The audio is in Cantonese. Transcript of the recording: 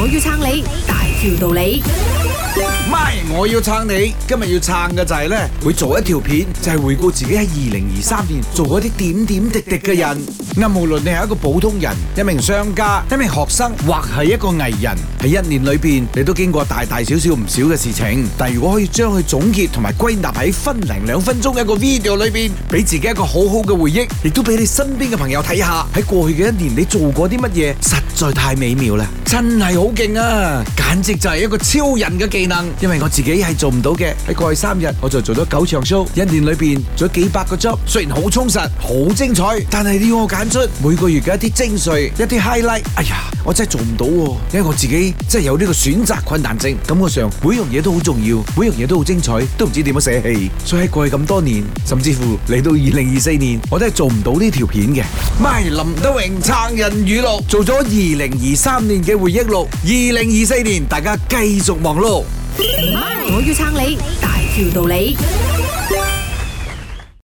我要撐你，大條道理。咪，My，我要撐你！今日要撐嘅就係呢：會做一條片，就係回顧自己喺二零二三年做過啲點點滴滴嘅人。咁無論你係一個普通人、一名商家、一名學生，或係一個藝人，喺一年裏邊，你都經過大大小小唔少嘅事情。但如果可以將佢總結同埋歸納喺分零兩分鐘一個 video 裏邊，俾自己一個好好嘅回憶，亦都俾你身邊嘅朋友睇下，喺過去嘅一年你做過啲乜嘢，實在太美妙啦！真係好勁啊，簡直就係一個超人嘅技能。因為我自己係做唔到嘅，喺過去三日我就做咗九場 show，一年裏面做咗幾百個 show，雖然好充實、好精彩，但係要我揀出每個月嘅一啲精髓、一啲 highlight，哎呀，我真係做唔到啊，因為我自己真係有呢個選擇困難症。感覺上每樣嘢都好重要，每樣嘢都好精彩，都唔知點樣捨棄。所以喺過去咁多年，甚至乎嚟到二零二四年，我都係做唔到呢條片嘅。咪 My 林德榮撐人語錄，做咗二零二三年嘅回憶錄。二零二四年，大家繼續忙碌。我要撐你，大條道理。